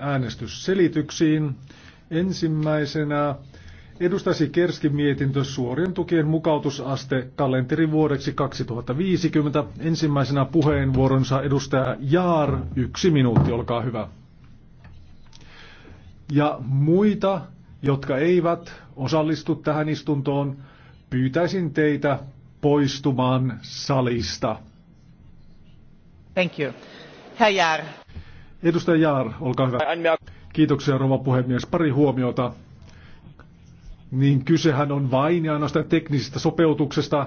äänestysselityksiin. Ensimmäisenä edustasi Kerski-mietintö suorien tukien mukautusaste kalenterivuodeksi 2050. Ensimmäisenä puheenvuoronsa edustaja Jaar, yksi minuutti, olkaa hyvä. Ja muita, jotka eivät osallistu tähän istuntoon, pyytäisin teitä poistumaan salista. Thank you. Herr Jaar, Edustaja Jaar, olkaa hyvä. Kiitoksia rouva puhemies. Pari huomiota. Niin kysehän on vain ja ainoastaan teknisestä sopeutuksesta,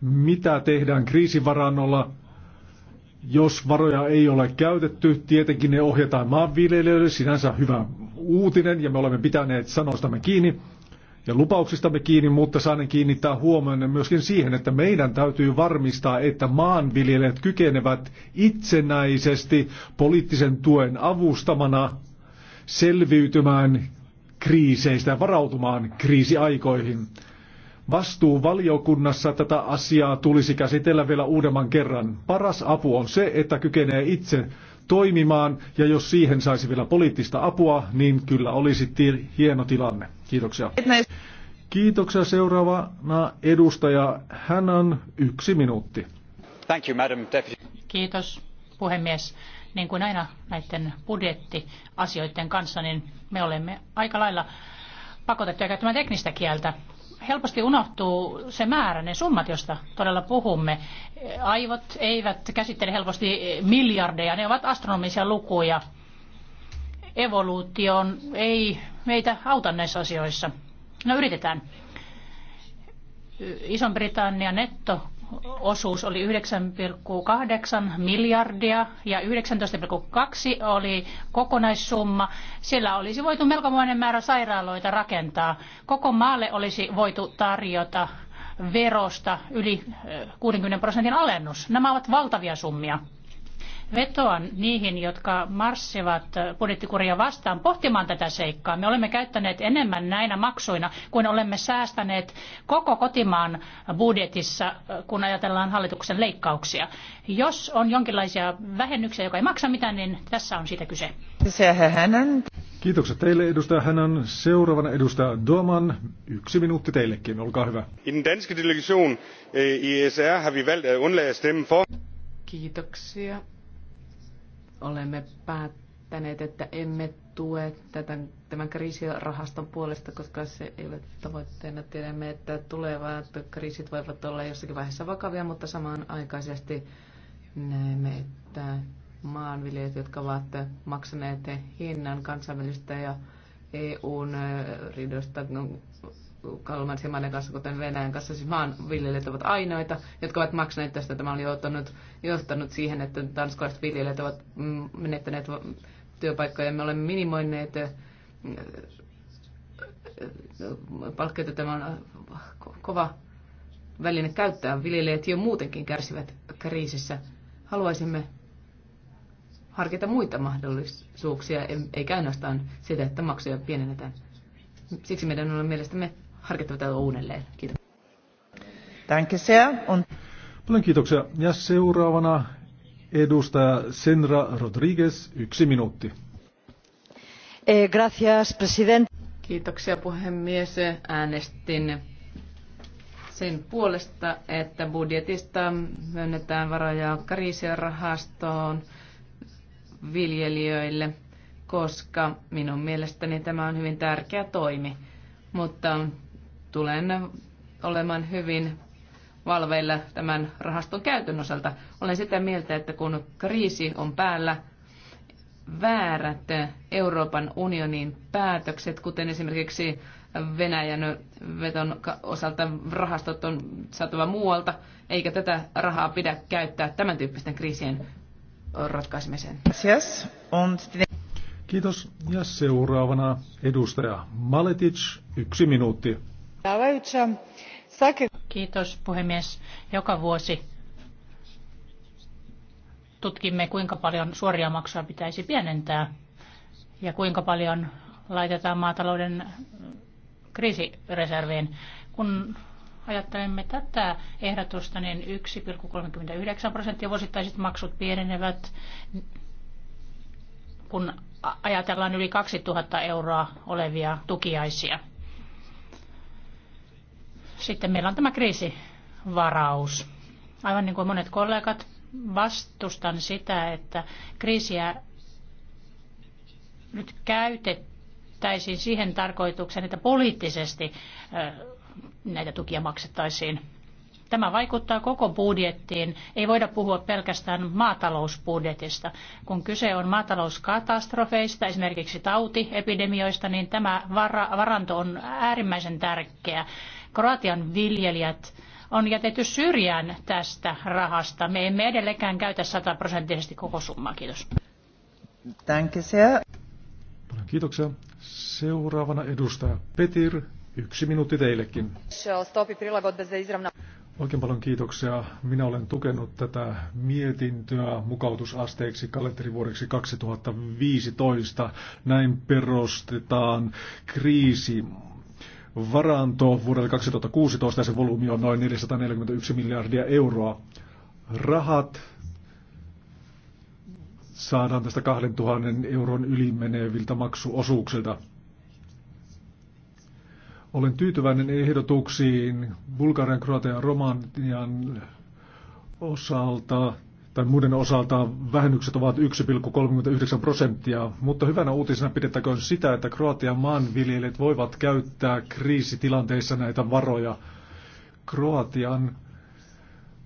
mitä tehdään kriisivarannolla. Jos varoja ei ole käytetty, tietenkin ne ohjataan maanviljelijöille, sinänsä hyvä uutinen, ja me olemme pitäneet sanoistamme kiinni ja lupauksistamme kiinni, mutta saanen kiinnittää huomioon myöskin siihen, että meidän täytyy varmistaa, että maanviljelijät kykenevät itsenäisesti poliittisen tuen avustamana selviytymään kriiseistä ja varautumaan kriisiaikoihin. Vastuuvaliokunnassa tätä asiaa tulisi käsitellä vielä uudemman kerran. Paras apu on se, että kykenee itse toimimaan, ja jos siihen saisi vielä poliittista apua, niin kyllä olisi hieno tilanne. Kiitoksia. Kiitoksia seuraavana edustaja. Hän on yksi minuutti. Thank you, Madam Deputy. Kiitos puhemies. Niin kuin aina näiden budjettiasioiden kanssa, niin me olemme aika lailla pakotettuja käyttämään teknistä kieltä. Helposti unohtuu se määrä, ne summat, joista todella puhumme. Aivot eivät käsittele helposti miljardeja, ne ovat astronomisia lukuja evoluutioon ei meitä auta näissä asioissa. No yritetään. Ison-Britannian netto osuus oli 9,8 miljardia ja 19,2 oli kokonaissumma. Sillä olisi voitu melkomoinen määrä sairaaloita rakentaa. Koko maalle olisi voitu tarjota verosta yli 60 prosentin alennus. Nämä ovat valtavia summia. Vetoan niihin, jotka marssivat budjettikuria vastaan pohtimaan tätä seikkaa. Me olemme käyttäneet enemmän näinä maksuina kuin olemme säästäneet koko kotimaan budjetissa, kun ajatellaan hallituksen leikkauksia. Jos on jonkinlaisia vähennyksiä, joka ei maksa mitään, niin tässä on siitä kyse. Kiitokset teille, edustaja Hänän. Seuraavana edustaja Doman. Yksi minuutti teillekin, olkaa hyvä. I den danske delegation eh, i ESR har vi valgt at undlade at stemme for. Kiitoksia olemme päättäneet, että emme tue tätä, tämän kriisirahaston puolesta, koska se ei ole tavoitteena. Tiedämme, että tulevat kriisit voivat olla jossakin vaiheessa vakavia, mutta samanaikaisesti näemme, että maanviljelijät, jotka ovat maksaneet hinnan kansainvälistä ja EUn ridosta kolmansien maiden kanssa, kuten Venäjän kanssa, siis maanviljelijät ovat ainoita, jotka ovat maksaneet tästä. Tämä oli johtanut, johtanut siihen, että tanskalaiset viljelijät ovat mm, menettäneet työpaikkoja. Me olemme minimoineet äh, äh, palkkeita. Tämä on äh, kova väline käyttää. Viljelijät jo muutenkin kärsivät kriisissä. Haluaisimme harkita muita mahdollisuuksia, eikä ainoastaan sitä, että maksuja pienennetään. Siksi meidän on mielestämme harkittava tätä uudelleen. Kiitos. Danke sehr. Und... Paljon kiitoksia. Ja seuraavana edustaja Senra Rodriguez, yksi minuutti. Eh, gracias, president. Kiitoksia puhemies. Äänestin sen puolesta, että budjetista myönnetään varoja kriisirahastoon viljelijöille, koska minun mielestäni tämä on hyvin tärkeä toimi. Mutta tulen olemaan hyvin valveilla tämän rahaston käytön osalta. Olen sitä mieltä, että kun kriisi on päällä, väärät Euroopan unionin päätökset, kuten esimerkiksi Venäjän veton osalta rahastot on saatava muualta, eikä tätä rahaa pidä käyttää tämän tyyppisten kriisien ratkaisemiseen. Kiitos. Ja seuraavana edustaja Maletic, yksi minuutti. Kiitos puhemies. Joka vuosi tutkimme, kuinka paljon suoria maksuja pitäisi pienentää ja kuinka paljon laitetaan maatalouden kriisireserviin. Kun ajattelemme tätä ehdotusta, niin 1,39 prosenttia vuosittaiset maksut pienenevät, kun ajatellaan yli 2000 euroa olevia tukiaisia. Sitten meillä on tämä kriisivaraus. Aivan niin kuin monet kollegat, vastustan sitä, että kriisiä nyt käytettäisiin siihen tarkoitukseen, että poliittisesti näitä tukia maksettaisiin. Tämä vaikuttaa koko budjettiin. Ei voida puhua pelkästään maatalousbudjetista. Kun kyse on maatalouskatastrofeista, esimerkiksi tautiepidemioista, niin tämä varanto on äärimmäisen tärkeä. Kroatian viljelijät on jätetty syrjään tästä rahasta. Me emme edelleenkään käytä sataprosenttisesti koko summaa. Kiitos. kiitoksia. Seuraavana edustaja Petir. Yksi minuutti teillekin. Oikein paljon kiitoksia. Minä olen tukenut tätä mietintöä mukautusasteeksi kalenterivuodeksi 2015. Näin perustetaan kriisi varanto vuodelle 2016 ja se volyymi on noin 441 miljardia euroa. Rahat saadaan tästä 2000 euron yli meneviltä maksuosuuksilta. Olen tyytyväinen ehdotuksiin Bulgarian, Kroatian ja Romanian osalta tai muiden osalta vähennykset ovat 1,39 prosenttia, mutta hyvänä uutisena pidettäköön sitä, että Kroatian maanviljelijät voivat käyttää kriisitilanteissa näitä varoja. Kroatian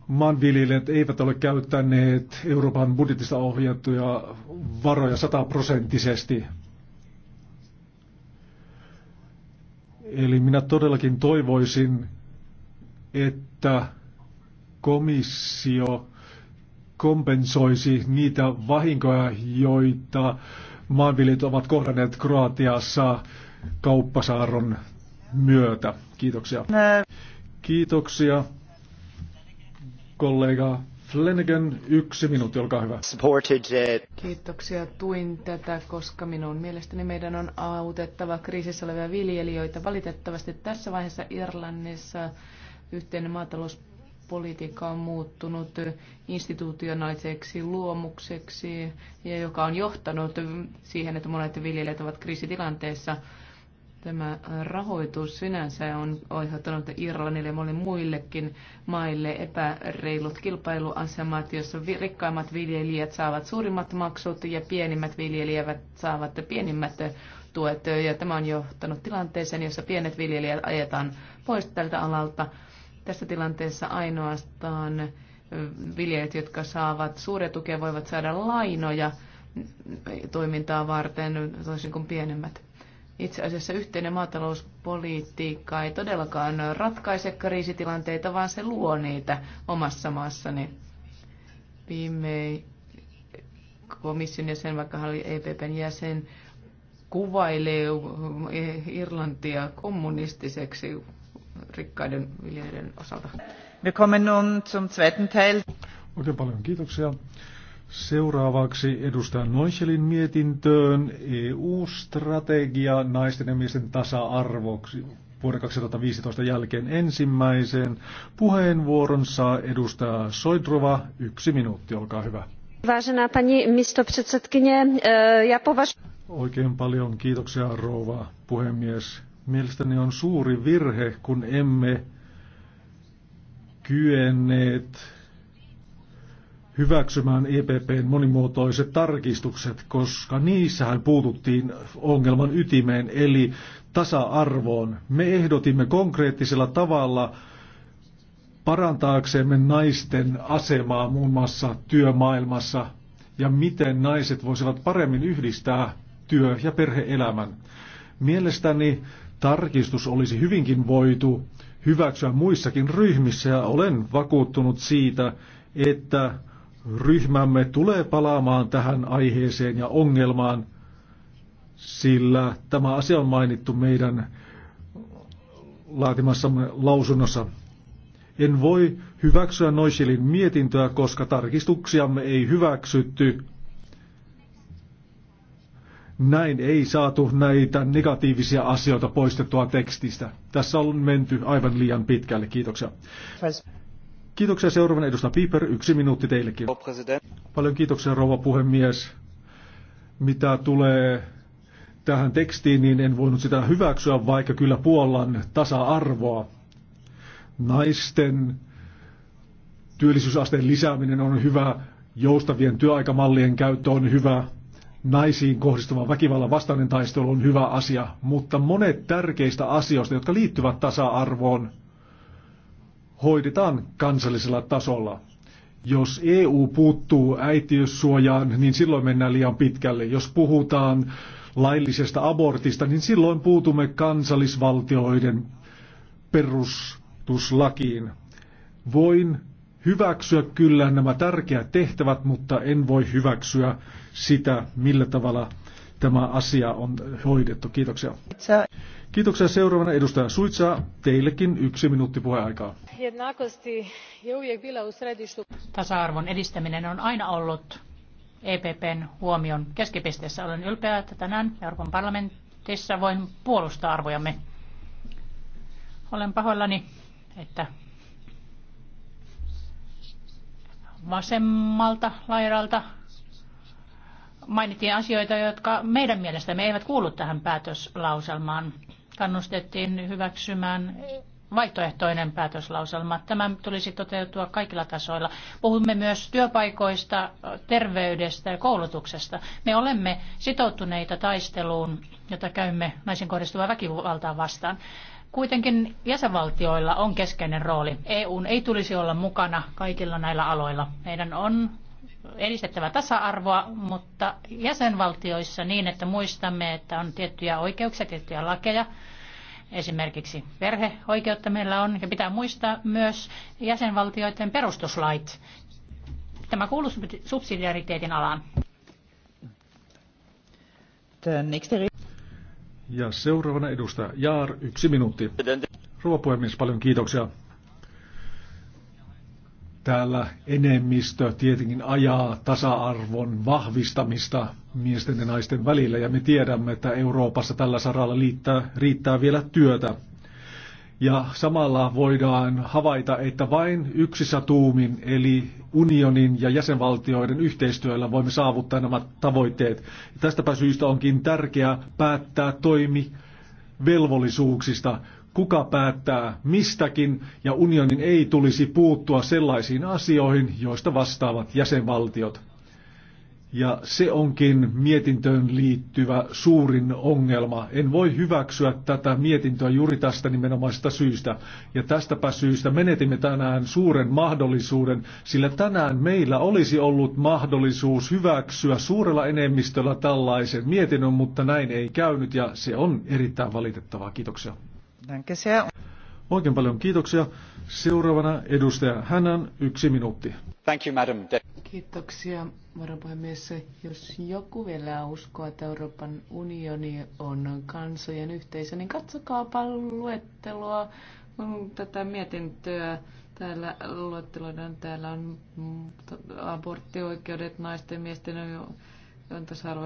maanviljelijät eivät ole käyttäneet Euroopan budjetista ohjattuja varoja sataprosenttisesti. Eli minä todellakin toivoisin, että komissio kompensoisi niitä vahinkoja, joita maanviljelijät ovat kohdanneet Kroatiassa kauppasaaron myötä. Kiitoksia. Kiitoksia, kollega Flanagan. Yksi minuutti, olkaa hyvä. Uh, Kiitoksia, tuin tätä, koska minun mielestäni meidän on autettava kriisissä olevia viljelijöitä. Valitettavasti tässä vaiheessa Irlannissa yhteinen maatalous politiikka on muuttunut institutionaaliseksi luomukseksi, ja joka on johtanut siihen, että monet viljelijät ovat kriisitilanteessa. Tämä rahoitus sinänsä on aiheuttanut Irlannille ja monille muillekin maille epäreilut kilpailuasemat, joissa rikkaimmat viljelijät saavat suurimmat maksut ja pienimmät viljelijät saavat pienimmät tuet. Ja tämä on johtanut tilanteeseen, jossa pienet viljelijät ajetaan pois tältä alalta tässä tilanteessa ainoastaan viljelijät, jotka saavat suuria tukia, voivat saada lainoja toimintaa varten, toisin kuin pienemmät. Itse asiassa yhteinen maatalouspolitiikka ei todellakaan ratkaise kriisitilanteita, vaan se luo niitä omassa maassani. Viime komission jäsen, vaikka hän oli EPPn jäsen, kuvailee Irlantia kommunistiseksi rikkaiden viljelijöiden osalta. Wir nun zum zweiten Teil. Oikein paljon kiitoksia. Seuraavaksi edustaja Noichelin mietintöön EU-strategia naisten ja miesten tasa-arvoksi vuoden 2015 jälkeen ensimmäiseen. Puheenvuoron saa edustaja Soidrova. Yksi minuutti, olkaa hyvä. Vážená pani mistopředsedkyně, eh, ja považ... Oikein paljon kiitoksia rouva puhemies. Mielestäni on suuri virhe, kun emme kyenneet hyväksymään EPPn monimuotoiset tarkistukset, koska niissähän puututtiin ongelman ytimeen, eli tasa-arvoon. Me ehdotimme konkreettisella tavalla parantaaksemme naisten asemaa muun muassa työmaailmassa ja miten naiset voisivat paremmin yhdistää työ- ja perheelämän. Mielestäni Tarkistus olisi hyvinkin voitu hyväksyä muissakin ryhmissä ja olen vakuuttunut siitä, että ryhmämme tulee palaamaan tähän aiheeseen ja ongelmaan, sillä tämä asia on mainittu meidän laatimassamme lausunnossa. En voi hyväksyä Noisilin mietintöä, koska tarkistuksiamme ei hyväksytty näin ei saatu näitä negatiivisia asioita poistettua tekstistä. Tässä on menty aivan liian pitkälle. Kiitoksia. Kiitoksia seuraavan edustaja Piper. Yksi minuutti teillekin. Paljon kiitoksia rouva puhemies. Mitä tulee tähän tekstiin, niin en voinut sitä hyväksyä, vaikka kyllä puollan tasa-arvoa. Naisten työllisyysasteen lisääminen on hyvä, joustavien työaikamallien käyttö on hyvä, naisiin kohdistuvan väkivallan vastainen taistelu on hyvä asia, mutta monet tärkeistä asioista, jotka liittyvät tasa-arvoon, hoidetaan kansallisella tasolla. Jos EU puuttuu äitiyssuojaan, niin silloin mennään liian pitkälle. Jos puhutaan laillisesta abortista, niin silloin puutumme kansallisvaltioiden perustuslakiin. Voin hyväksyä kyllä nämä tärkeät tehtävät, mutta en voi hyväksyä sitä, millä tavalla tämä asia on hoidettu. Kiitoksia. Kiitoksia seuraavana edustaja Suitsa. Teillekin yksi minuutti puheaikaa. Tasa-arvon edistäminen on aina ollut EPPn huomion keskipisteessä. Olen ylpeä, että tänään Euroopan parlamentissa voin puolustaa arvojamme. Olen pahoillani, että vasemmalta laidalta mainittiin asioita, jotka meidän mielestämme eivät kuulu tähän päätöslauselmaan. Kannustettiin hyväksymään vaihtoehtoinen päätöslauselma. Tämän tulisi toteutua kaikilla tasoilla. Puhumme myös työpaikoista, terveydestä ja koulutuksesta. Me olemme sitoutuneita taisteluun, jota käymme naisen kohdistuvaa väkivaltaa vastaan. Kuitenkin jäsenvaltioilla on keskeinen rooli. EUn ei tulisi olla mukana kaikilla näillä aloilla. Meidän on edistettävä tasa-arvoa, mutta jäsenvaltioissa niin, että muistamme, että on tiettyjä oikeuksia, tiettyjä lakeja, esimerkiksi perheoikeutta meillä on, ja pitää muistaa myös jäsenvaltioiden perustuslait. Tämä kuuluu subsidiariteetin alaan. Ja seuraavana edustaja Jaar, yksi minuutti. Rouva puhemies, paljon kiitoksia. Täällä enemmistö tietenkin ajaa tasa-arvon vahvistamista miesten ja naisten välillä, ja me tiedämme, että Euroopassa tällä saralla liittää, riittää vielä työtä. Ja samalla voidaan havaita, että vain yksissä tuumin, eli unionin ja jäsenvaltioiden yhteistyöllä voimme saavuttaa nämä tavoitteet. Tästäpä syystä onkin tärkeää päättää toimi velvollisuuksista, kuka päättää mistäkin, ja unionin ei tulisi puuttua sellaisiin asioihin, joista vastaavat jäsenvaltiot. Ja se onkin mietintöön liittyvä suurin ongelma. En voi hyväksyä tätä mietintöä juuri tästä nimenomaisesta syystä. Ja tästäpä syystä menetimme tänään suuren mahdollisuuden, sillä tänään meillä olisi ollut mahdollisuus hyväksyä suurella enemmistöllä tällaisen mietinnön, mutta näin ei käynyt ja se on erittäin valitettavaa. Kiitoksia. Oikein paljon kiitoksia. Seuraavana edustaja Hänän yksi minuutti. Thank you, madam. Kiitoksia varapuhemies, jos joku vielä uskoo, että Euroopan unioni on kansojen yhteisö, niin katsokaapa luetteloa mm, tätä mietintöä. Täällä luetteloidaan, täällä on mm, aborttioikeudet, naisten, miesten on tasa-arvo.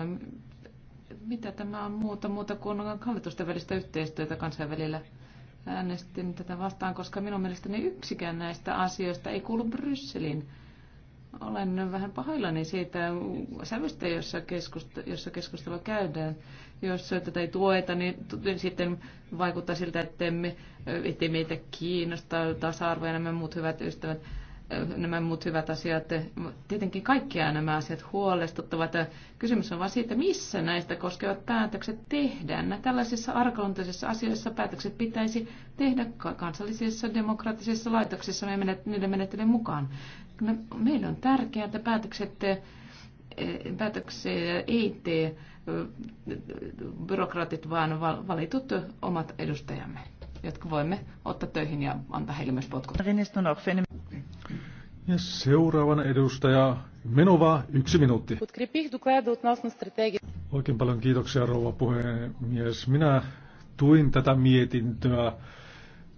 Mitä tämä on muuta, muuta kuin hallitusten välistä yhteistyötä kansainvälillä? Äänestin tätä vastaan, koska minun mielestäni yksikään näistä asioista ei kuulu Brysselin olen vähän pahoillani siitä sävystä, jossa, keskust- jossa keskustelua käydään. Jos tätä ei tueta, niin sitten vaikuttaa siltä, että emme, ettei meitä kiinnosta tasa-arvo ja nämä muut hyvät ystävät nämä muut hyvät asiat. Tietenkin kaikkia nämä asiat huolestuttavat. Kysymys on vain siitä, missä näistä koskevat päätökset tehdään. Tällaisissa arkaluontoisissa asioissa päätökset pitäisi tehdä kansallisissa demokraattisissa laitoksissa me niiden menettelyn mukaan. No, meillä on tärkeää, että päätökset, eh, päätöksiä ei tee eh, byrokraatit, vaan valitut omat edustajamme, jotka voimme ottaa töihin ja antaa heille myös potkut. Ja seuraavana edustaja Menova, yksi minuutti. Oikein paljon kiitoksia rouva puhemies. Minä tuin tätä mietintöä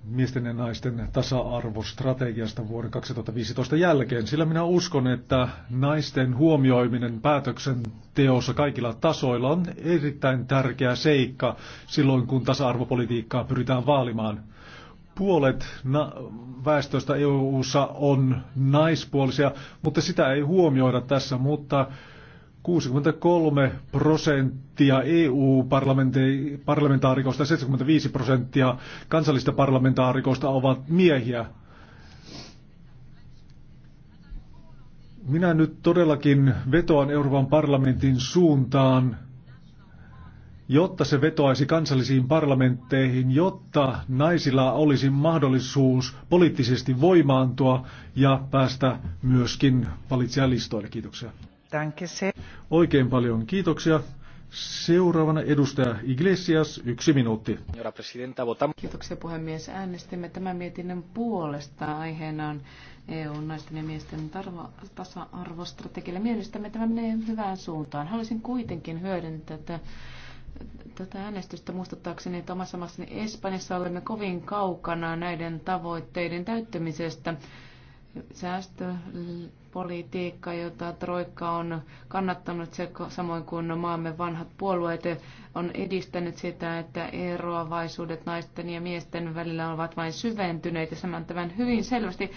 miesten ja naisten tasa-arvostrategiasta vuoden 2015 jälkeen, sillä minä uskon, että naisten huomioiminen päätöksenteossa kaikilla tasoilla on erittäin tärkeä seikka silloin, kun tasa-arvopolitiikkaa pyritään vaalimaan. Puolet na- väestöstä EU-ssa on naispuolisia, mutta sitä ei huomioida tässä, mutta 63 prosenttia EU-parlamentaarikoista ja 75 prosenttia kansallista parlamentaarikoista ovat miehiä. Minä nyt todellakin vetoan Euroopan parlamentin suuntaan, jotta se vetoaisi kansallisiin parlamentteihin, jotta naisilla olisi mahdollisuus poliittisesti voimaantua ja päästä myöskin valitsijalistoille. Kiitoksia. Oikein paljon kiitoksia. Seuraavana edustaja Iglesias, yksi minuutti. Kiitoksia puhemies. Äänestimme tämän mietinnön puolesta. Aiheena on EUn naisten ja miesten tasa-arvostrategialle. Mielestämme tämä menee hyvään suuntaan. Haluaisin kuitenkin hyödyntää tätä, tätä äänestystä muistuttaakseni, että omassa maassani Espanjassa olemme kovin kaukana näiden tavoitteiden täyttämisestä säästöpolitiikka, jota Troikka on kannattanut, se, samoin kuin maamme vanhat puolueet, on edistänyt sitä, että eroavaisuudet naisten ja miesten välillä ovat vain syventyneitä. Saman tämän hyvin selvästi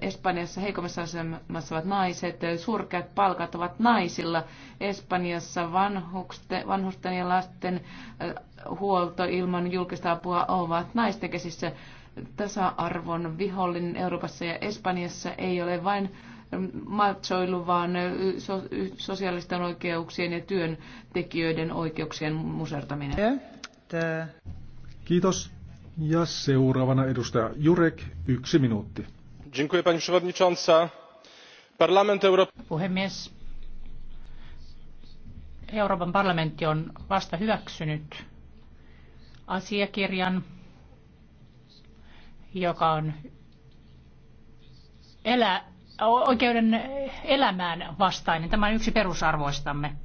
Espanjassa heikommassa asemassa ovat naiset, surkeat palkat ovat naisilla. Espanjassa vanhusten, vanhusten ja lasten huolto ilman julkista apua ovat naisten käsissä tasa-arvon vihollinen Euroopassa ja Espanjassa ei ole vain machoilu, vaan so- sosiaalisten oikeuksien ja työntekijöiden oikeuksien musertaminen. Kiitos. Ja seuraavana edustaja Jurek, yksi minuutti. Dziękuję pani przewodnicząca. Parlament Euroopan... Puhemies. Euroopan parlamentti on vasta hyväksynyt asiakirjan, joka on elä, oikeuden elämään vastainen. Tämä on yksi perusarvoistamme.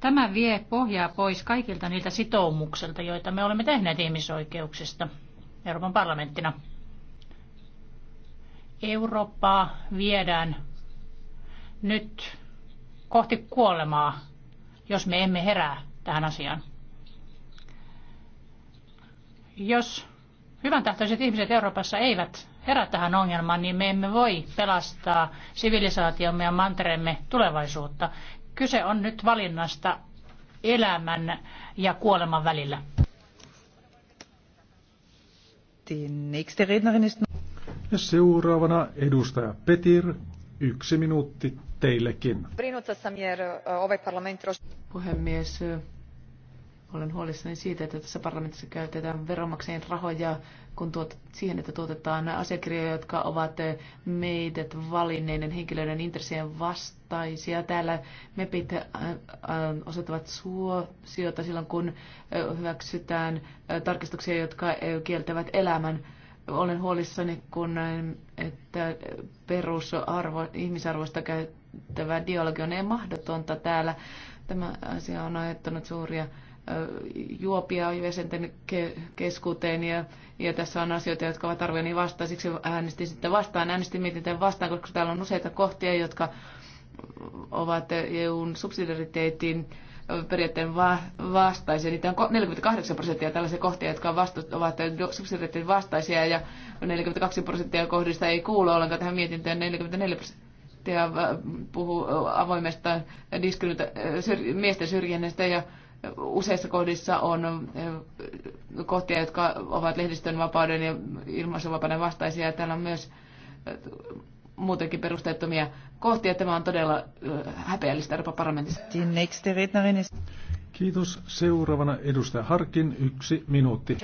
Tämä vie pohjaa pois kaikilta niiltä sitoumuksilta, joita me olemme tehneet ihmisoikeuksista Euroopan parlamenttina. Eurooppaa viedään nyt kohti kuolemaa, jos me emme herää tähän asiaan. Jos hyvän tahtoiset ihmiset Euroopassa eivät herää tähän ongelmaan, niin me emme voi pelastaa sivilisaatiomme ja mantereemme tulevaisuutta. Kyse on nyt valinnasta elämän ja kuoleman välillä. seuraavana edustaja Petir, yksi minuutti teillekin. Eh, Puhemies, eh, olen huolissani siitä, että tässä parlamentissa käytetään veronmaksajien rahoja kun tuot, siihen, että tuotetaan asiakirjoja, jotka ovat meidät valinneiden henkilöiden intressien vastaisia. Täällä MEPit äh, äh, osoittavat suosiota silloin, kun äh, hyväksytään tarkistuksia, jotka kieltävät elämän olen huolissani, kun näin, että perusarvo, ihmisarvoista käyttävä dialogi on ei mahdotonta täällä. Tämä asia on aiheuttanut suuria juopia jäsenten keskuuteen ja, ja tässä on asioita, jotka ovat niin vastaan. Siksi äänestin sitten vastaan. Äänestin mietintään vastaan, koska täällä on useita kohtia, jotka ovat EUn subsidiariteetin periaatteen va- vastaisia. Niitä on 48 prosenttia tällaisia kohtia, jotka ovat subsidiariteetin vastaisia ja 42 prosenttia kohdista ei kuulu ollenkaan tähän mietintöön. 44 prosenttia ja puhuu avoimesta diskrymita- miesten syrjinnästä ja useissa kohdissa on kohtia, jotka ovat lehdistön vapauden ja ilmaisuvapauden vastaisia. Täällä on myös muutenkin perusteettomia kohtia. Tämä on todella häpeällistä Euroopan parlamentissa. Kiitos. Seuraavana edustaja Harkin, yksi minuutti.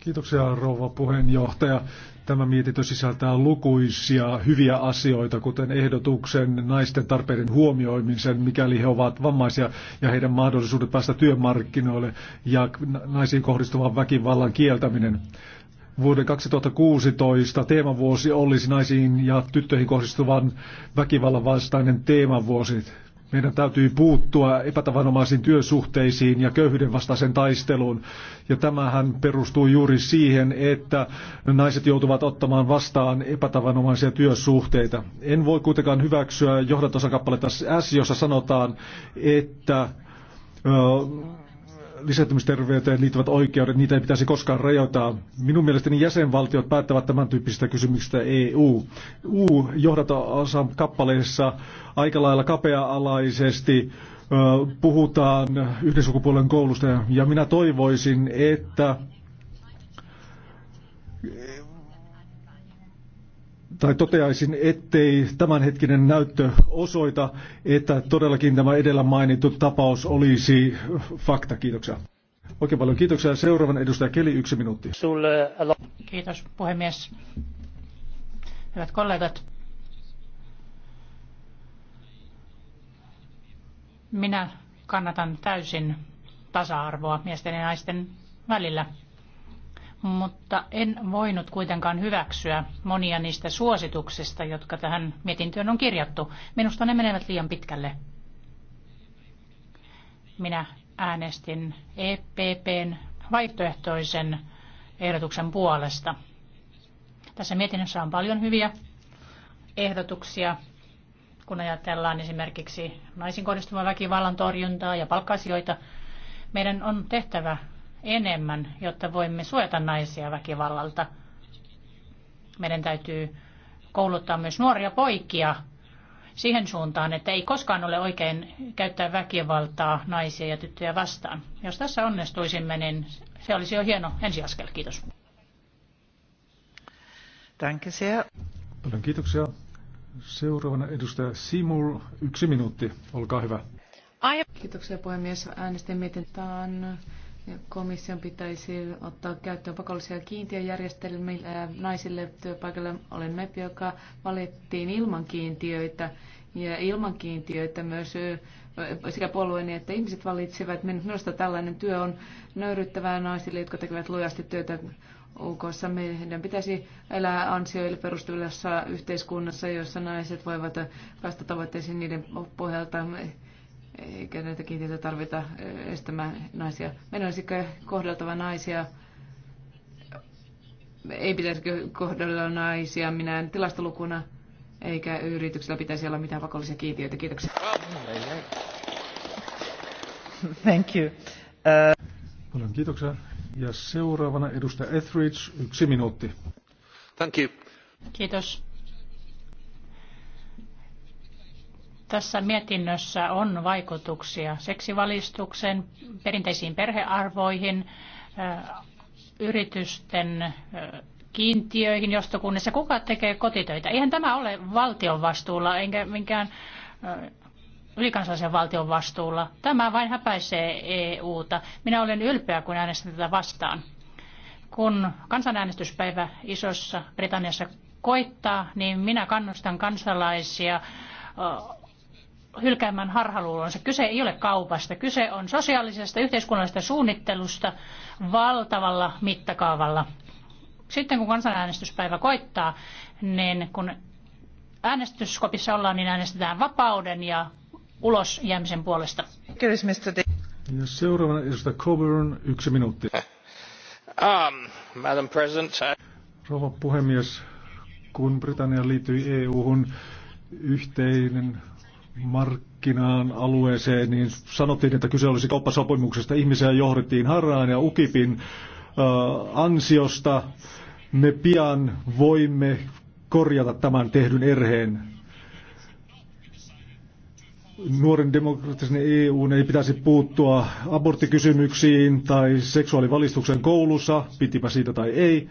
Kiitoksia rouva puheenjohtaja. Tämä mietintö sisältää lukuisia hyviä asioita, kuten ehdotuksen naisten tarpeiden huomioimisen, mikäli he ovat vammaisia ja heidän mahdollisuudet päästä työmarkkinoille ja naisiin kohdistuvan väkivallan kieltäminen. Vuoden 2016 teemavuosi olisi naisiin ja tyttöihin kohdistuvan väkivallan vastainen teemavuosi. Meidän täytyy puuttua epätavanomaisiin työsuhteisiin ja köyhyyden vastaisen taisteluun. Ja tämähän perustuu juuri siihen, että naiset joutuvat ottamaan vastaan epätavanomaisia työsuhteita. En voi kuitenkaan hyväksyä johdatosakappaletta S, jossa sanotaan, että... Öö, lisääntymisterveyteen liittyvät oikeudet, niitä ei pitäisi koskaan rajoittaa. Minun mielestäni jäsenvaltiot päättävät tämän tyyppisistä kysymyksistä EU. EU johdatoosa kappaleessa aika lailla kapea-alaisesti puhutaan yhden sukupuolen koulusta ja minä toivoisin, että tai toteaisin, ettei tämänhetkinen näyttö osoita, että todellakin tämä edellä mainittu tapaus olisi fakta. Kiitoksia. Oikein paljon kiitoksia. Seuraavan edustaja Keli, yksi minuutti. Kiitos puhemies. Hyvät kollegat. Minä kannatan täysin tasa-arvoa miesten ja naisten välillä mutta en voinut kuitenkaan hyväksyä monia niistä suosituksista, jotka tähän mietintöön on kirjattu. Minusta ne menevät liian pitkälle. Minä äänestin EPPn vaihtoehtoisen ehdotuksen puolesta. Tässä mietinnössä on paljon hyviä ehdotuksia, kun ajatellaan esimerkiksi naisin kohdistuvan väkivallan torjuntaa ja palkkasioita. Meidän on tehtävä enemmän, jotta voimme suojata naisia väkivallalta. Meidän täytyy kouluttaa myös nuoria poikia siihen suuntaan, että ei koskaan ole oikein käyttää väkivaltaa naisia ja tyttöjä vastaan. Jos tässä onnistuisimme, niin se olisi jo hieno ensiaskel. Kiitos. Tänkisiä. Paljon kiitoksia. Seuraavana edustaja Simul, yksi minuutti, olkaa hyvä. Kiitoksia puhemies. Äänestin mietintään ja komission pitäisi ottaa käyttöön pakollisia kiintiöjärjestelmiä äh, naisille työpaikalle. Olen MEP, joka valittiin ilman kiintiöitä ja ilman kiintiöitä myös sekä puolueeni että ihmiset valitsevat. Minusta tällainen työ on nöyryttävää naisille, jotka tekevät lujasti työtä UKssa. Meidän pitäisi elää ansioille perustuvassa yhteiskunnassa, jossa naiset voivat päästä tavoitteisiin niiden pohjalta eikä näitä kiintiöitä tarvita estämään naisia. Meidän olisi kohdeltava naisia, ei pitäisi kohdella naisia minä tilastolukuna, eikä yrityksellä pitäisi olla mitään pakollisia kiintiöitä. Kiitoksia. Thank you. Uh... Paljon kiitoksia. Ja seuraavana edustaja Etheridge, yksi minuutti. Thank you. Kiitos. Tässä mietinnössä on vaikutuksia seksivalistuksen perinteisiin perhearvoihin, yritysten kiintiöihin jostokunnissa. Kuka tekee kotitöitä? Eihän tämä ole valtion vastuulla, enkä minkään ylikansallisen valtion vastuulla. Tämä vain häpäisee EUta. Minä olen ylpeä, kun äänestän tätä vastaan. Kun kansanäänestyspäivä Isossa Britanniassa koittaa, niin minä kannustan kansalaisia hylkäämään harhaluulonsa. Kyse ei ole kaupasta, kyse on sosiaalisesta yhteiskunnallisesta suunnittelusta valtavalla mittakaavalla. Sitten kun kansanäänestyspäivä koittaa, niin kun äänestyskopissa ollaan, niin äänestetään vapauden ja ulos jäämisen puolesta. Ja seuraavana edustaja Coburn, yksi minuutti. Eh, um, Madam President. Uh- Rouva puhemies, kun Britannia liittyi EU-hun, yhteinen markkinaan alueeseen, niin sanottiin, että kyse olisi kauppasopimuksesta. Ihmisiä johdettiin harraan ja UKIPin äh, ansiosta. Me pian voimme korjata tämän tehdyn erheen. Nuoren demokraattisen EUn ei pitäisi puuttua aborttikysymyksiin tai seksuaalivalistuksen koulussa, pitipä siitä tai ei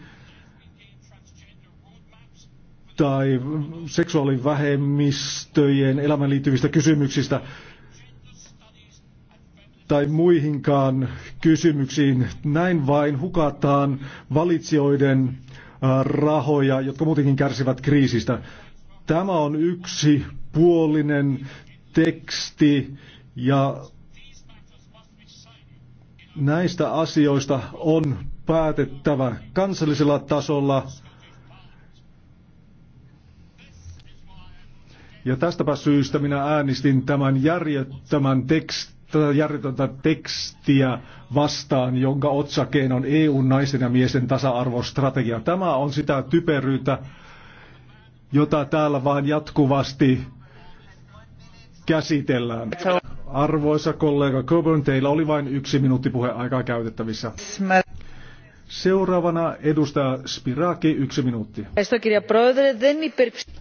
tai seksuaalivähemmistöjen elämän liittyvistä kysymyksistä tai muihinkaan kysymyksiin. Näin vain hukataan valitsijoiden rahoja, jotka muutenkin kärsivät kriisistä. Tämä on yksi puolinen teksti ja näistä asioista on päätettävä kansallisella tasolla – Ja tästäpä syystä minä äänestin tämän järjettömän tekstin tätä järjetöntä tekstiä vastaan, jonka otsakeen on EUn naisen ja miesten tasa-arvostrategia. Tämä on sitä typeryyttä, jota täällä vaan jatkuvasti käsitellään. Arvoisa kollega Coburn, teillä oli vain yksi minuutti puheaikaa käytettävissä. Seuraavana edustaja Spiraki, yksi minuutti.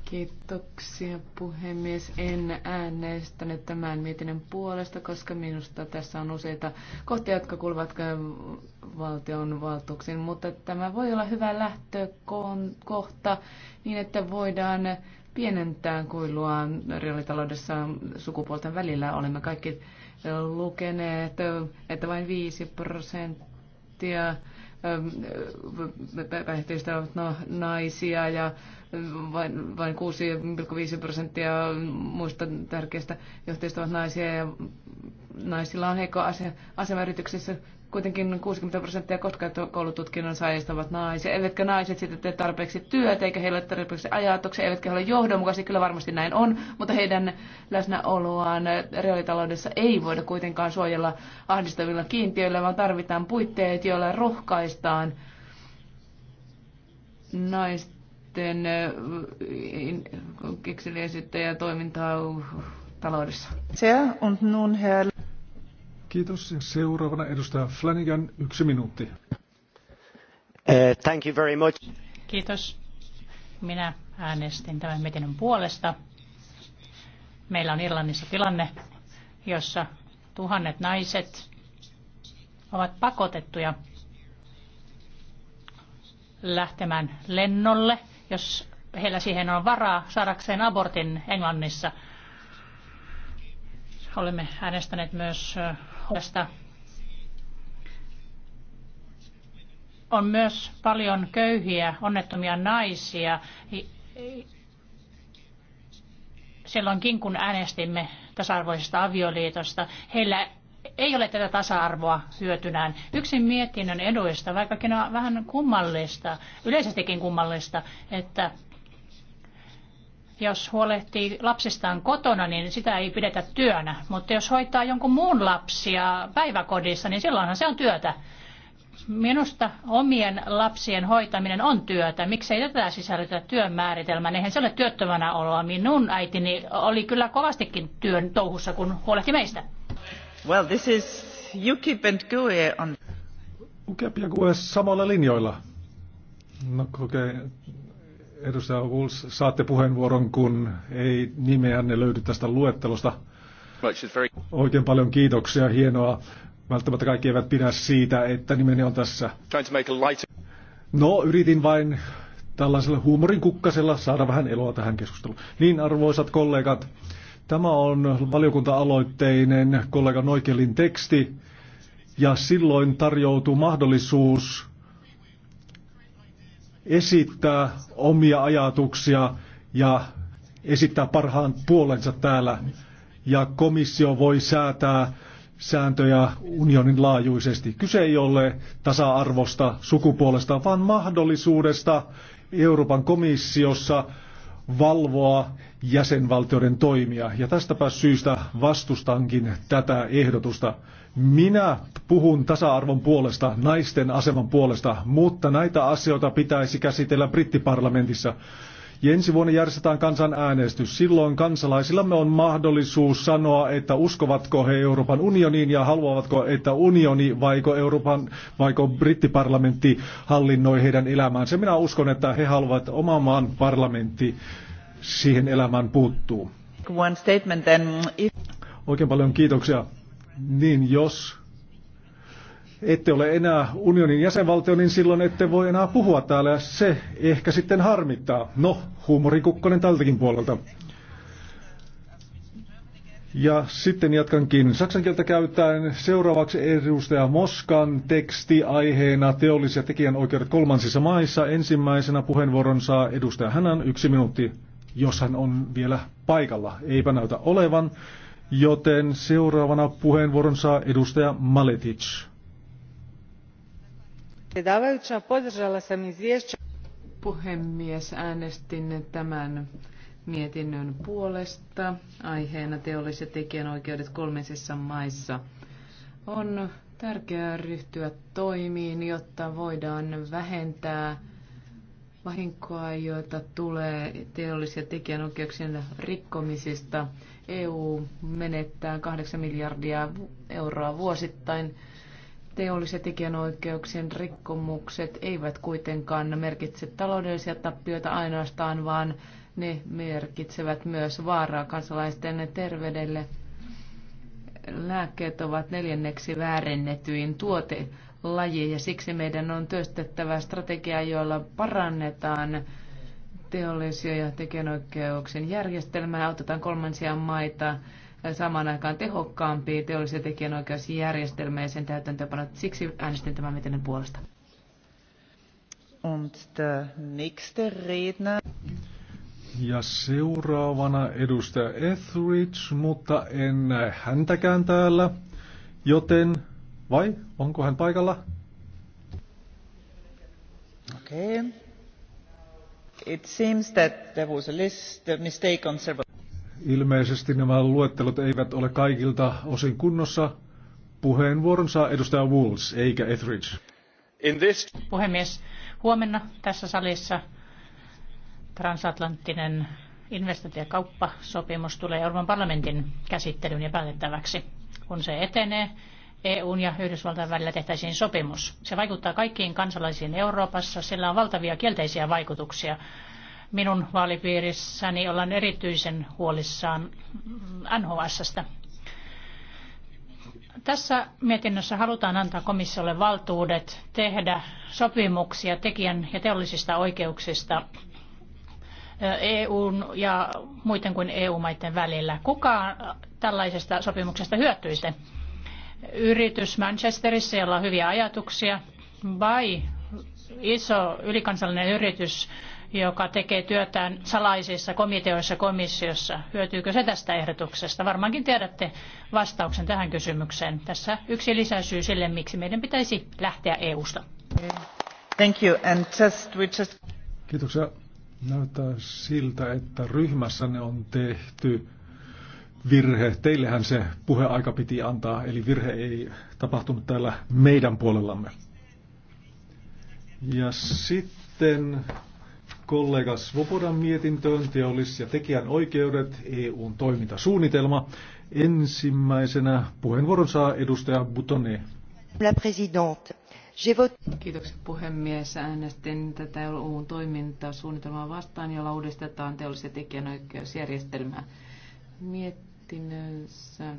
Kiitoksia puhemies. En äänestänyt tämän mietinnön puolesta, koska minusta tässä on useita kohtia, jotka kuuluvat valtion valtuuksiin. Mutta tämä voi olla hyvä lähtökohta niin, että voidaan pienentää kuilua reaalitaloudessa sukupuolten välillä. Olemme kaikki lukeneet, että vain 5 prosenttia päihteistä ovat no, naisia ja vain, vain 6,5 prosenttia muista tärkeistä johtajista ovat naisia ja naisilla on heikko asema yrityksissä. Kuitenkin 60 prosenttia korkeakoulututkinnon saajista ovat naisia. Eivätkä naiset sitten tee tarpeeksi työtä, eikä heillä ole tarpeeksi ajatuksia, eivätkä he ole johdonmukaisia. Kyllä varmasti näin on, mutta heidän läsnäoloaan reaalitaloudessa ei voida kuitenkaan suojella ahdistavilla kiintiöillä, vaan tarvitaan puitteet, joilla rohkaistaan naisten äh, kekseliäisyyttä ja toimintaa taloudessa. Se on nun herr Kiitos. Ja seuraavana edustaja Flanagan, yksi minuutti. Uh, thank you very much. Kiitos. Minä äänestin tämän mietinnön puolesta. Meillä on Irlannissa tilanne, jossa tuhannet naiset ovat pakotettuja lähtemään lennolle, jos heillä siihen on varaa saadakseen abortin Englannissa. Olemme äänestäneet myös puolesta. On myös paljon köyhiä, onnettomia naisia. Silloinkin kun äänestimme tasa-arvoisesta avioliitosta, heillä ei ole tätä tasa-arvoa hyötynään. Yksin mietinnön eduista, vaikkakin on vähän kummallista, yleisestikin kummallista, että jos huolehtii lapsistaan kotona, niin sitä ei pidetä työnä. Mutta jos hoitaa jonkun muun lapsia päiväkodissa, niin silloinhan se on työtä. Minusta omien lapsien hoitaminen on työtä. Miksei tätä sisällytä työn määritelmään? Eihän se ole työttömänä oloa. Minun äitini oli kyllä kovastikin työn touhussa, kun huolehti meistä. Well, this is UKIP and GUE on... UKIP ja GUE samalla linjoilla. No, okay. Edustaja Wolves, saatte puheenvuoron, kun ei nimeänne löydy tästä luettelosta. Oikein paljon kiitoksia, hienoa. Välttämättä kaikki eivät pidä siitä, että nimeni on tässä. No, yritin vain tällaisella huumorin kukkasella saada vähän eloa tähän keskusteluun. Niin, arvoisat kollegat, tämä on valiokunta-aloitteinen kollega Noikelin teksti, ja silloin tarjoutuu mahdollisuus esittää omia ajatuksia ja esittää parhaan puolensa täällä. Ja komissio voi säätää sääntöjä unionin laajuisesti. Kyse ei ole tasa-arvosta, sukupuolesta, vaan mahdollisuudesta Euroopan komissiossa valvoa jäsenvaltioiden toimia. Ja tästäpä syystä vastustankin tätä ehdotusta. Minä puhun tasa-arvon puolesta, naisten aseman puolesta, mutta näitä asioita pitäisi käsitellä brittiparlamentissa. Ja ensi vuonna järjestetään kansanäänestys. Silloin kansalaisillamme on mahdollisuus sanoa, että uskovatko he Euroopan unioniin ja haluavatko, että unioni vaiko Euroopan vaiko brittiparlamentti hallinnoi heidän elämäänsä. Minä uskon, että he haluavat oman maan parlamentti siihen elämään puuttuu. One statement then. If... Oikein paljon kiitoksia. Niin jos ette ole enää unionin jäsenvaltio, niin silloin ette voi enää puhua täällä ja se ehkä sitten harmittaa. No, huumorikukkonen tältäkin puolelta. Ja sitten jatkankin saksan kieltä käyttäen. Seuraavaksi edustaja Moskan teksti aiheena teollisia ja tekijänoikeudet kolmansissa maissa. Ensimmäisenä puheenvuoron saa edustaja Hänan yksi minuutti, jos hän on vielä paikalla. Eipä näytä olevan, joten seuraavana puheenvuoron saa edustaja Maletic. Puhemies, äänestin tämän mietinnön puolesta aiheena teolliset tekijänoikeudet kolmensissa maissa. On tärkeää ryhtyä toimiin, jotta voidaan vähentää vahinkoa, joita tulee teollis- ja tekijänoikeuksien rikkomisista. EU menettää 8 miljardia euroa vuosittain Teolliset tekijänoikeuksien rikkomukset eivät kuitenkaan merkitse taloudellisia tappioita ainoastaan, vaan ne merkitsevät myös vaaraa kansalaisten terveydelle. Lääkkeet ovat neljänneksi väärennetyin laji ja siksi meidän on työstettävä strategia, jolla parannetaan teollisia ja tekijänoikeuksien järjestelmää ja autetaan kolmansia maita samaan aikaan tehokkaampi teollisen tekijänoikeusjärjestelmä ja sen täytäntöönpano. Siksi äänestin tämän mietinnön puolesta. Und der nächste Redner. Ja seuraavana edustaja Etheridge, mutta en näe häntäkään täällä. Joten, vai onko hän paikalla? Okei. Okay. It seems that there was a list a mistake on several Ilmeisesti nämä luettelot eivät ole kaikilta osin kunnossa. Puheenvuoron saa edustaja Wools, eikä Etheridge. In this... Puhemies, huomenna tässä salissa transatlanttinen investointi- ja kauppasopimus tulee Euroopan parlamentin käsittelyyn ja päätettäväksi. Kun se etenee, EUn ja Yhdysvaltain välillä tehtäisiin sopimus. Se vaikuttaa kaikkiin kansalaisiin Euroopassa, sillä on valtavia kielteisiä vaikutuksia minun vaalipiirissäni ollaan erityisen huolissaan NHSstä. Tässä mietinnössä halutaan antaa komissiolle valtuudet tehdä sopimuksia tekijän ja teollisista oikeuksista EUn ja muiden kuin EU-maiden välillä. Kuka tällaisesta sopimuksesta hyötyisi? Yritys Manchesterissa, jolla on hyviä ajatuksia, vai iso ylikansallinen yritys, joka tekee työtään salaisissa komiteoissa komissiossa. Hyötyykö se tästä ehdotuksesta? Varmaankin tiedätte vastauksen tähän kysymykseen. Tässä yksi lisäsyy sille, miksi meidän pitäisi lähteä EU-sta. Thank you. And just, we just... Kiitoksia. Näyttää siltä, että ryhmässänne on tehty virhe. Teillehän se puheaika piti antaa, eli virhe ei tapahtunut täällä meidän puolellamme. Ja sitten kollega Svobodan mietintöön teollis- ja tekijänoikeudet, EUn toimintasuunnitelma. Ensimmäisenä puheenvuoron saa edustaja Butone. La présidente. Kiitoksia puhemies. Äänestin tätä EUn toimintasuunnitelmaa vastaan, jolla uudistetaan teollis- ja tekijänoikeusjärjestelmää. Mietinnössä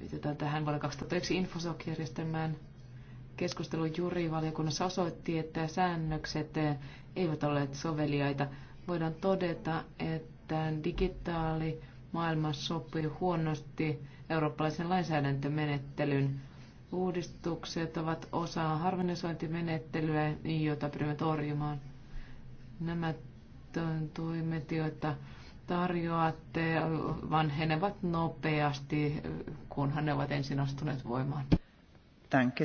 viitataan tähän vuoden 2001 infosok-järjestelmään keskustelu juurivaliokunnassa osoitti, että säännökset eivät olleet soveliaita. Voidaan todeta, että digitaali maailma sopii huonosti eurooppalaisen lainsäädäntömenettelyn. Uudistukset ovat osa harmonisointimenettelyä, jota pyrimme torjumaan. Nämä toimet, joita tarjoatte, vanhenevat nopeasti, kunhan ne ovat ensin astuneet voimaan. Danke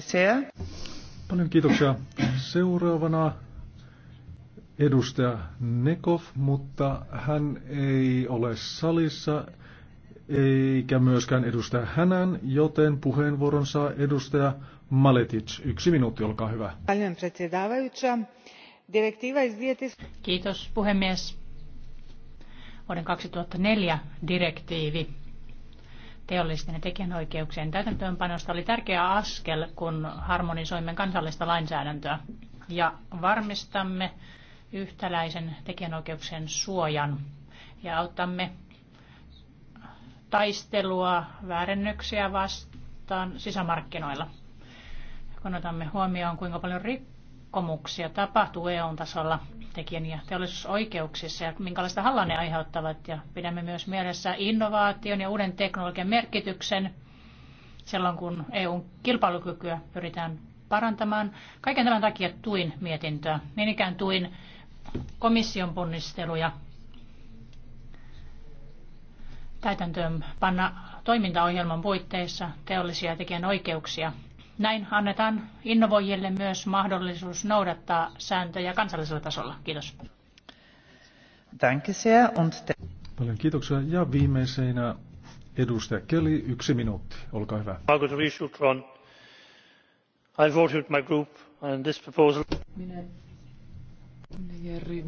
Paljon kiitoksia. Seuraavana edustaja Nekov, mutta hän ei ole salissa eikä myöskään edustaja Hänän, joten puheenvuoron saa edustaja Maletic. Yksi minuutti, olkaa hyvä. Kiitos puhemies. Vuoden 2004 direktiivi teollisten ja tekijänoikeuksien täytäntöönpanosta oli tärkeä askel, kun harmonisoimme kansallista lainsäädäntöä ja varmistamme yhtäläisen tekijänoikeuksien suojan ja autamme taistelua väärennöksiä vastaan sisämarkkinoilla. Kun otamme huomioon, kuinka paljon rikkomuksia tapahtuu eu tasolla tekijän ja teollisuusoikeuksissa ja minkälaista hallaa ne aiheuttavat. Ja pidämme myös mielessä innovaation ja uuden teknologian merkityksen silloin, kun EUn kilpailukykyä pyritään parantamaan. Kaiken tämän takia tuin mietintöä. Niin ikään tuin komission ponnisteluja täytäntöön panna toimintaohjelman puitteissa teollisia tekijänoikeuksia. Näin annetaan innovoijille myös mahdollisuus noudattaa sääntöjä kansallisella tasolla. Kiitos. Paljon kiitoksia. Ja viimeisenä edustaja Kelly, yksi minuutti. Olkaa hyvä. Minä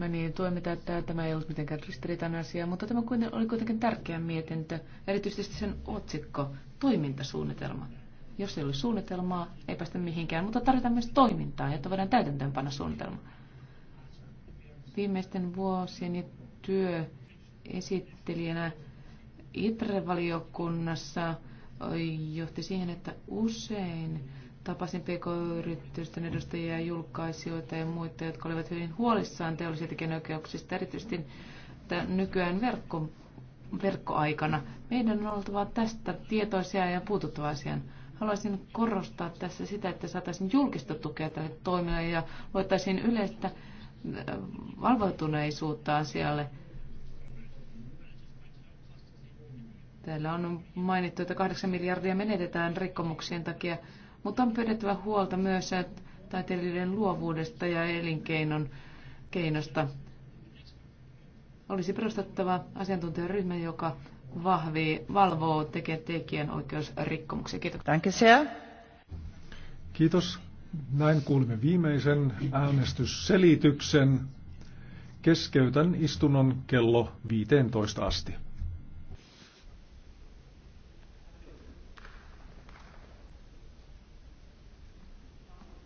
ja niin tuemme että Tämä ei ollut mitenkään ristiriitainen asia, mutta tämä oli kuitenkin tärkeä mietintö, erityisesti sen otsikko, toimintasuunnitelma. Jos ei ole suunnitelmaa, ei päästä mihinkään, mutta tarvitaan myös toimintaa, jotta voidaan täytäntöönpanna suunnitelma. Viimeisten vuosien työ esittelijänä ITRE-valiokunnassa johti siihen, että usein Tapasin pk-yritysten edustajia, julkaisijoita ja muita, jotka olivat hyvin huolissaan teollisia tekijänoikeuksista, erityisesti nykyään verkko, verkkoaikana. Meidän on oltava tästä tietoisia ja puututtava asiaan haluaisin korostaa tässä sitä, että saataisiin julkista tukea tälle toiminnalle ja voitaisiin yleistä äh, valvoituneisuutta asialle. Täällä on mainittu, että 8 miljardia menetetään rikkomuksien takia mutta on pidettävä huolta myös taiteilijoiden luovuudesta ja elinkeinon keinosta. Olisi perustettava asiantuntijaryhmä, joka vahvii, valvoo tekee tekijänoikeusrikkomuksia. Kiitos. Kiitos. Näin kuulimme viimeisen äänestysselityksen. Keskeytän istunnon kello 15 asti.